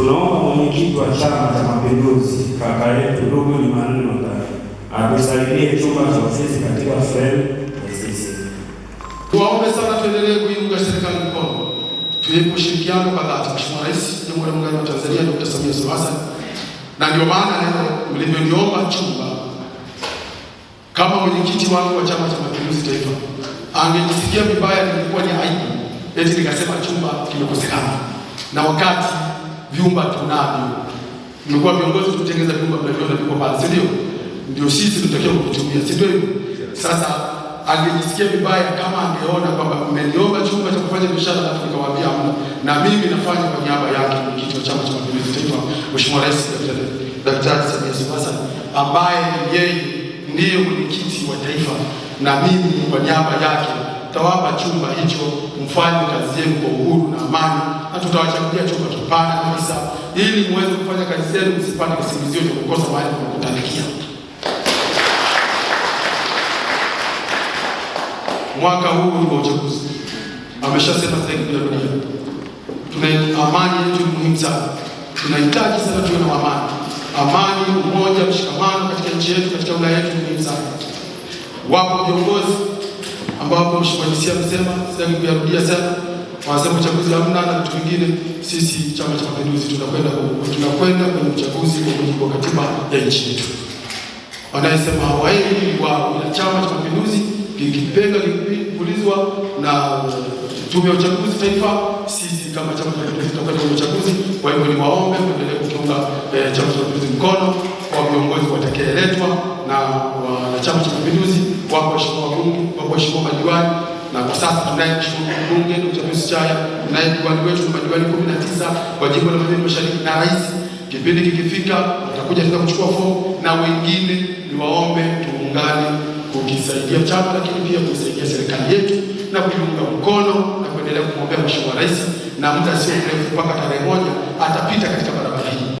Tunaomba mwenyekiti wa Chama cha Mapinduzi, kaka yetu ndugu Jumanne Mathare atusaidie chumba cha ofisi katika fremu ya sisi. Tuwaombe sana, tuendelee kuiunga serikali mkono, tuipe ushirikiano kwa dhati. Mheshimiwa Rais Jamhuri ya Muungano wa Tanzania Dr. Samia Suluhu Hassan, na ndio maana leo mlivyoniomba chumba kama mwenyekiti wangu wa Chama cha Mapinduzi Taifa angejisikia vibaya, nilikuwa ni aibu eti nikasema chumba kimekosekana na wakati vyumba tunavyo. Tumekuwa viongozi kutengeneza vyumba tunavyo viko pale, si ndio? Ndio sisi tunatakiwa kuvitumia, si ndio? Sasa angejisikia vibaya kama angeona kwamba mmeniomba chumba cha kufanya biashara alafu nikawaambia hamna, na mimi nafanya kwa niaba yake mwenyekiti wa Chama cha Mapinduzi Taifa, Mheshimiwa Rais Daktari Samia Suluhu Hassan ambaye yeye ndiye mwenyekiti wa taifa, na mimi kwa niaba yake tawapa chumba hicho mfanye kazi yenu kwa tutawachangia chumba kipana kabisa ili muweze kufanya kazi zenu, msipate kisingizio cha kukosa mahali pa kutandikia. Mwaka huu ni wa uchaguzi, ameshasema dunia, tuna amani yetu muhimu sana. Tunahitaji sana tuwe na amani, amani, umoja, mshikamano katika nchi yetu, katika wilaya yetu muhimu sana. Wapo viongozi ambao mheshimiwa Lissu amesema, sitaki kuyarudia sana wanasema uchaguzi hamna na vitu vingine. Sisi Chama cha Mapinduzi tunakwenda tunakwenda kwenye uchaguzi kwa mujibu wa katiba ya nchi yetu. Wanayesema hawaendi wao, Chama cha Mapinduzi kikipenda kikipulizwa na uh, tume ya uchaguzi taifa, sisi kama Chama cha Mapinduzi tunakwenda kwenye uchaguzi. Kwa hivyo ni waombe kuendelea kukiunga eh, Chama cha Mapinduzi mkono kwa viongozi watakayeletwa na wanachama cha Mapinduzi, wako waheshimiwa wabunge, wako waheshimiwa madiwani na kwa sasa tunaye mbunge Dkt. Pius Chaya, tunaye diwani wetu madiwani kumi na tisa kwa jimbo la Magharibi Mashariki na rais. Kipindi kikifika watakuja tena kuchukua fomu, na wengine niwaombe tuungane kukisaidia chama, lakini pia kuisaidia serikali yetu na kuiunga mkono na kuendelea kumwombea Mheshimiwa Rais, na muda sio mrefu mpaka tarehe moja atapita katika